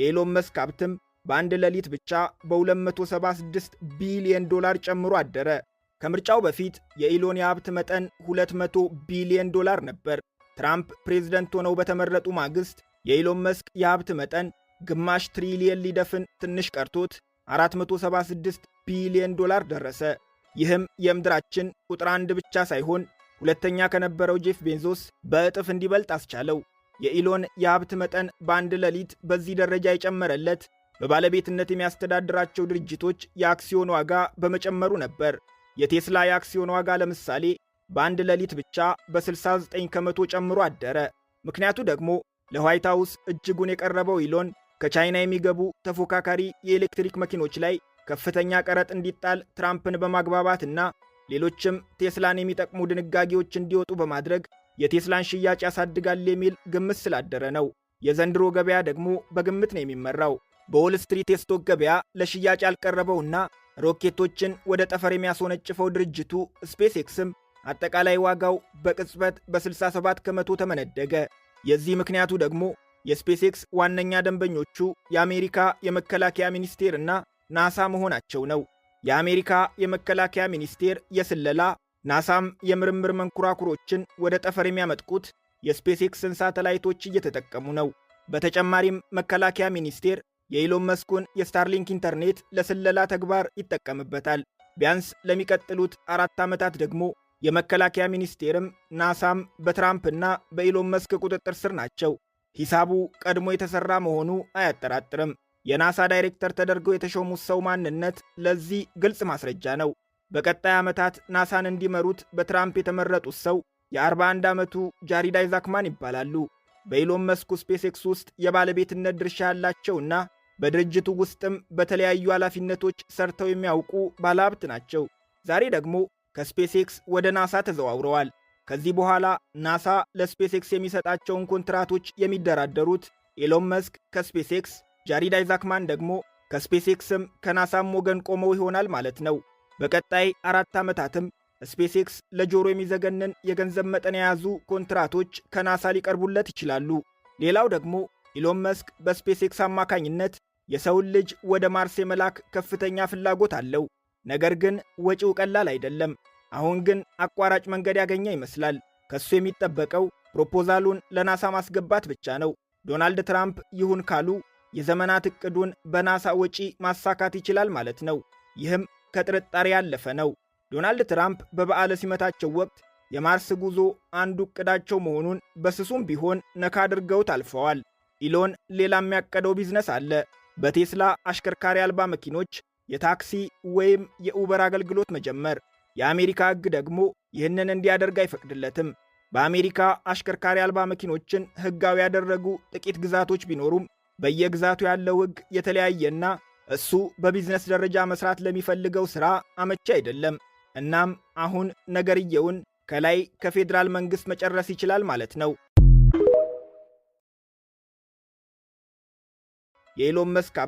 የኢሎን መስክ ሀብትም በአንድ ሌሊት ብቻ በ276 ቢሊዮን ዶላር ጨምሮ አደረ። ከምርጫው በፊት የኢሎን የሀብት መጠን 200 ቢሊዮን ዶላር ነበር። ትራምፕ ፕሬዝደንት ሆነው በተመረጡ ማግስት የኢሎን መስክ የሀብት መጠን ግማሽ ትሪሊየን ሊደፍን ትንሽ ቀርቶት 476 ቢሊዮን ዶላር ደረሰ። ይህም የምድራችን ቁጥር አንድ ብቻ ሳይሆን ሁለተኛ ከነበረው ጄፍ ቤንዞስ በእጥፍ እንዲበልጥ አስቻለው። የኢሎን የሀብት መጠን በአንድ ሌሊት በዚህ ደረጃ የጨመረለት በባለቤትነት የሚያስተዳድራቸው ድርጅቶች የአክሲዮን ዋጋ በመጨመሩ ነበር። የቴስላ የአክሲዮን ዋጋ ለምሳሌ በአንድ ሌሊት ብቻ በ69 ከመቶ ጨምሮ አደረ። ምክንያቱ ደግሞ ለዋይት ሀውስ እጅጉን የቀረበው ኢሎን ከቻይና የሚገቡ ተፎካካሪ የኤሌክትሪክ መኪኖች ላይ ከፍተኛ ቀረጥ እንዲጣል ትራምፕን በማግባባትና ሌሎችም ቴስላን የሚጠቅሙ ድንጋጌዎች እንዲወጡ በማድረግ የቴስላን ሽያጭ ያሳድጋል የሚል ግምት ስላደረ ነው። የዘንድሮ ገበያ ደግሞ በግምት ነው የሚመራው። በዎል ስትሪት የስቶክ ገበያ ለሽያጭ ያልቀረበውና ሮኬቶችን ወደ ጠፈር የሚያስወነጭፈው ድርጅቱ ስፔስ ኤክስም አጠቃላይ ዋጋው በቅጽበት በ67 ከመቶ ተመነደገ። የዚህ ምክንያቱ ደግሞ የስፔስ ኤክስ ዋነኛ ደንበኞቹ የአሜሪካ የመከላከያ ሚኒስቴር እና ናሳ መሆናቸው ነው። የአሜሪካ የመከላከያ ሚኒስቴር የስለላ ናሳም የምርምር መንኮራኩሮችን ወደ ጠፈር የሚያመጥቁት የስፔስ ሳተላይቶች እየተጠቀሙ ነው። በተጨማሪም መከላከያ ሚኒስቴር የኢሎን መስኩን የስታርሊንክ ኢንተርኔት ለስለላ ተግባር ይጠቀምበታል። ቢያንስ ለሚቀጥሉት አራት ዓመታት ደግሞ የመከላከያ ሚኒስቴርም ናሳም በትራምፕና በኢሎን መስክ ቁጥጥር ስር ናቸው። ሂሳቡ ቀድሞ የተሠራ መሆኑ አያጠራጥርም። የናሳ ዳይሬክተር ተደርገው የተሾሙት ሰው ማንነት ለዚህ ግልጽ ማስረጃ ነው። በቀጣይ ዓመታት ናሳን እንዲመሩት በትራምፕ የተመረጡት ሰው የ41 ዓመቱ ጃሪድ አይዛክማን ይባላሉ። በኢሎን መስኩ ስፔስ ኤክስ ውስጥ የባለቤትነት ድርሻ ያላቸውና በድርጅቱ ውስጥም በተለያዩ ኃላፊነቶች ሰርተው የሚያውቁ ባለሀብት ናቸው። ዛሬ ደግሞ ከስፔስ ኤክስ ወደ ናሳ ተዘዋውረዋል። ከዚህ በኋላ ናሳ ለስፔስ ኤክስ የሚሰጣቸውን ኮንትራቶች የሚደራደሩት ኢሎን መስክ ከስፔስ ኤክስ፣ ጃሪድ አይዛክማን ደግሞ ከስፔስ ኤክስም ከናሳም ወገን ቆመው ይሆናል ማለት ነው። በቀጣይ አራት ዓመታትም ስፔስ ኤክስ ለጆሮ የሚዘገንን የገንዘብ መጠን የያዙ ኮንትራቶች ከናሳ ሊቀርቡለት ይችላሉ። ሌላው ደግሞ ኢሎን መስክ በስፔስ ኤክስ አማካኝነት የሰውን ልጅ ወደ ማርስ የመላክ ከፍተኛ ፍላጎት አለው። ነገር ግን ወጪው ቀላል አይደለም። አሁን ግን አቋራጭ መንገድ ያገኘ ይመስላል። ከሱ የሚጠበቀው ፕሮፖዛሉን ለናሳ ማስገባት ብቻ ነው። ዶናልድ ትራምፕ ይሁን ካሉ የዘመናት ዕቅዱን በናሳ ወጪ ማሳካት ይችላል ማለት ነው። ይህም ከጥርጣሬ ያለፈ ነው። ዶናልድ ትራምፕ በበዓለ ሲመታቸው ወቅት የማርስ ጉዞ አንዱ እቅዳቸው መሆኑን በስሱም ቢሆን ነካ አድርገውት አልፈዋል። ኢሎን ሌላ የሚያቀደው ቢዝነስ አለ። በቴስላ አሽከርካሪ አልባ መኪኖች የታክሲ ወይም የኡበር አገልግሎት መጀመር። የአሜሪካ ሕግ ደግሞ ይህንን እንዲያደርግ አይፈቅድለትም። በአሜሪካ አሽከርካሪ አልባ መኪኖችን ሕጋዊ ያደረጉ ጥቂት ግዛቶች ቢኖሩም በየግዛቱ ያለው ሕግ የተለያየና እሱ በቢዝነስ ደረጃ መስራት ለሚፈልገው ሥራ አመቺ አይደለም። እናም አሁን ነገርየውን ከላይ ከፌዴራል መንግሥት መጨረስ ይችላል ማለት ነው። የኢሎን መስክ